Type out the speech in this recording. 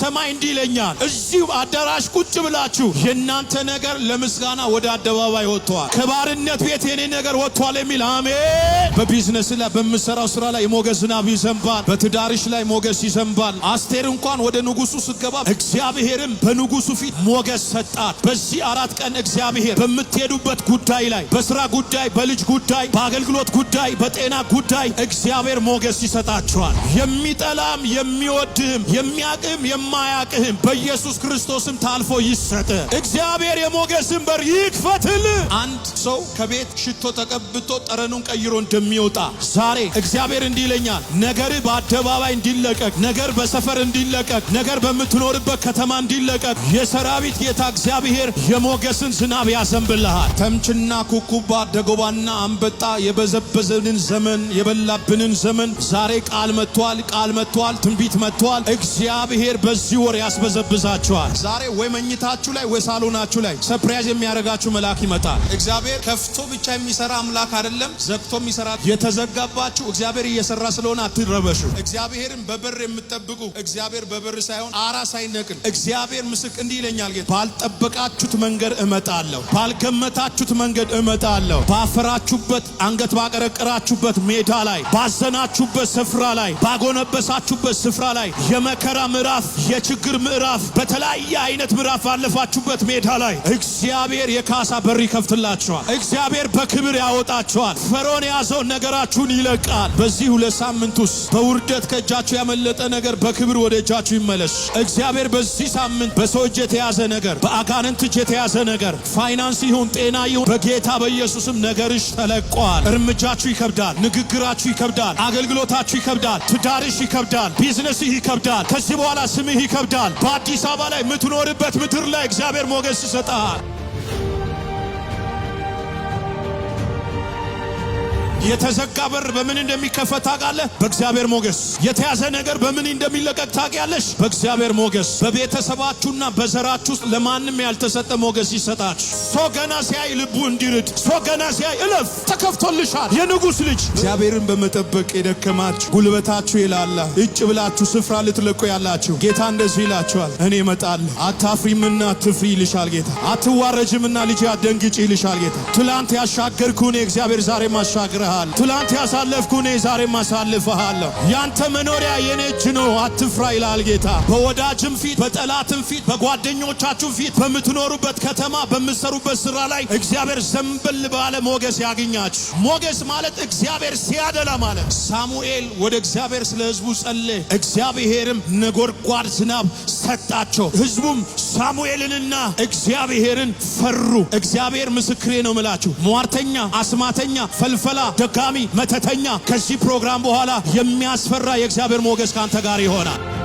ሰማይ እንዲህ ይለኛል፣ እዚሁ አዳራሽ ቁጭ ብላችሁ የእናንተ ነገር ለምስጋና ወደ አደባባይ ወጥቷል፣ ከባርነት ቤት የኔ ነገር ወጥቷል የሚል አሜን። በቢዝነስ ላይ በምሰራው ስራ ላይ የሞገስ ዝናብ ይዘንባል። በትዳርሽ ላይ ሞገስ ይዘንባል። አስቴር እንኳን ወደ ንጉሱ ስገባ እግዚአብሔርም በንጉሱ ፊት ሞገስ ሰጣት። በዚህ አራት ቀን እግዚአብሔር በምትሄዱበት ጉዳይ ላይ በስራ ጉዳይ፣ በልጅ ጉዳይ፣ በአገልግሎት ጉዳይ፣ በጤና ጉዳይ እግዚአብሔር ሞገስ ይሰጣቸዋል። የሚጠላም የሚወድህም፣ የሚያቅም የማያቅህም በኢየሱስ ክርስቶስም ታልፎ ይሰጥ። እግዚአብሔር የሞገስን በር ይክፈትል። አንድ ሰው ከቤት ሽቶ ተቀብቶ ጠረኑን ቀይሮ እንደሚወጣ ዛሬ እግዚአብሔር እንዲህ ይለኛል፣ ነገር በአደባባይ እንዲለቀቅ፣ ነገር በሰፈር እንዲለቀቅ፣ ነገር በምትኖርበት ከተማ እንዲለቀቅ የሰራዊት ጌታ እግዚአብሔር የሞገስን ዝናብ ያዘንብልሃል። ተምችና ኩኩባ ደጎባና አንበጣ የበዘበዘንን ዘመን የበላብንን ዘመን ዛሬ ቃል መጥቷል፣ ቃል መጥቷል፣ ትንቢት መጥቷል። እግዚአብሔር በዚህ ወር ያስበዘብዛችኋል። ዛሬ ወይ መኝታችሁ ላይ ወይ ሳሎናችሁ ላይ ሰፕራይዝ የሚያደርጋችሁ መልአክ ይመጣል። እግዚአብሔር ከፍቶ ብቻ የሚሰራ አምላክ አይደለም፣ ዘግቶ የሚሰራ የተዘጋባችሁ እግዚአብሔር እየሰራ ስለሆነ አትረበሹ። እግዚአብሔርን በበር የምትጠብቁ እግዚአብሔር በበር ሳይሆን አራስ አይነቅል። እግዚአብሔር ምስክ እንዲህ ይለኛል፣ ጌታ ባልጠበቃችሁት መንገድ እመጣለሁ፣ ባልገመታችሁት መንገድ እመጣለሁ። ባፈራችሁበት አንገት ባቀረቀራችሁበት ሜዳ ላይ ባዘናችሁበት ስፍራ ላይ ባጎነበሳችሁበት ስፍራ ላይ የመከራ ምዕራፍ የችግር ምዕራፍ በተለያየ አይነት ምዕራፍ ባለፋችሁበት ሜዳ ላይ እግዚአብሔር የካሳ በር ይከፍትላችኋል። እግዚአብሔር በክብር ያወጣችኋል። ፈርዖን የያዘውን ነገራችሁን ይለቃል። በዚህ ሁለት ሳምንት ውስጥ በውርደት ከእጃችሁ ያመለጠ ነገር በክብር ወደ እጃችሁ ይመለስ። እግዚአብሔር በዚህ ሳምንት በሰው እጅ የተያዘ ነገር፣ በአጋንንት እጅ የተያዘ ነገር፣ ፋይናንስ ይሁን ጤና ይሁን በጌታ በኢየሱስም ነገርሽ ተለቋል። እርምጃችሁ ይከብዳል። ንግግራችሁ ይከብዳል። አገልግሎታችሁ ይከብዳል። ትዳርሽ ይከብዳል። ቢዝነስ ይከብዳል። ከዚህ በኋላ ስምህ ይከብዳል። በአዲስ አበባ ላይ የምትኖርበት ምድር ላይ እግዚአብሔር ሞገስ ይሰጣል። የተዘጋ በር በምን እንደሚከፈት ታውቃለህ? በእግዚአብሔር ሞገስ። የተያዘ ነገር በምን እንደሚለቀቅ ታውቂያለሽ? በእግዚአብሔር ሞገስ። በቤተሰባችሁና በዘራችሁ ውስጥ ለማንም ያልተሰጠ ሞገስ ይሰጣች ሶ ገና ሲያይ ልቡ እንዲርድ፣ ሶ ገና ሲያይ እለፍ ተከፍቶልሻል። የንጉሥ ልጅ እግዚአብሔርን በመጠበቅ የደከማችሁ ጉልበታችሁ ይላላ እጭ ብላችሁ ስፍራ ልትለቁ ያላችሁ ጌታ እንደዚህ ይላችኋል፣ እኔ እመጣለሁ። አታፍሪምና ትፍሪ ይልሻል ጌታ። አትዋረጅምና ልጅ አትደንግጭ ይልሻል ጌታ። ትላንት ያሻገርኩን የእግዚአብሔር ዛሬ ማሻገራ አሳልፈሃል። ትላንት ያሳለፍኩ እኔ ዛሬም አሳልፈሃለሁ። ያንተ መኖሪያ የኔ እጅ ነው፣ አትፍራ ይላል ጌታ። በወዳጅም ፊት፣ በጠላትም ፊት፣ በጓደኞቻችሁ ፊት፣ በምትኖሩበት ከተማ፣ በምትሰሩበት ስራ ላይ እግዚአብሔር ዘንበል ባለ ሞገስ ያግኛችሁ። ሞገስ ማለት እግዚአብሔር ሲያደላ ማለት። ሳሙኤል ወደ እግዚአብሔር ስለ ህዝቡ ጸለየ፣ እግዚአብሔርም ነጎድጓድ ዝናብ ሰጣቸው። ህዝቡም ሳሙኤልንና እግዚአብሔርን ፈሩ። እግዚአብሔር ምስክሬ ነው ምላችሁ ሟርተኛ፣ አስማተኛ፣ ፈልፈላ፣ ደጋሚ መተተኛ ከዚህ ፕሮግራም በኋላ የሚያስፈራ የእግዚአብሔር ሞገስ ከአንተ ጋር ይሆናል።